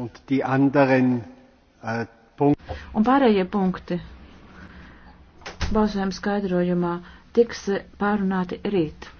Äh, Un pārējie punkti balsojuma skaidrojumā tiks pārunāti rīt.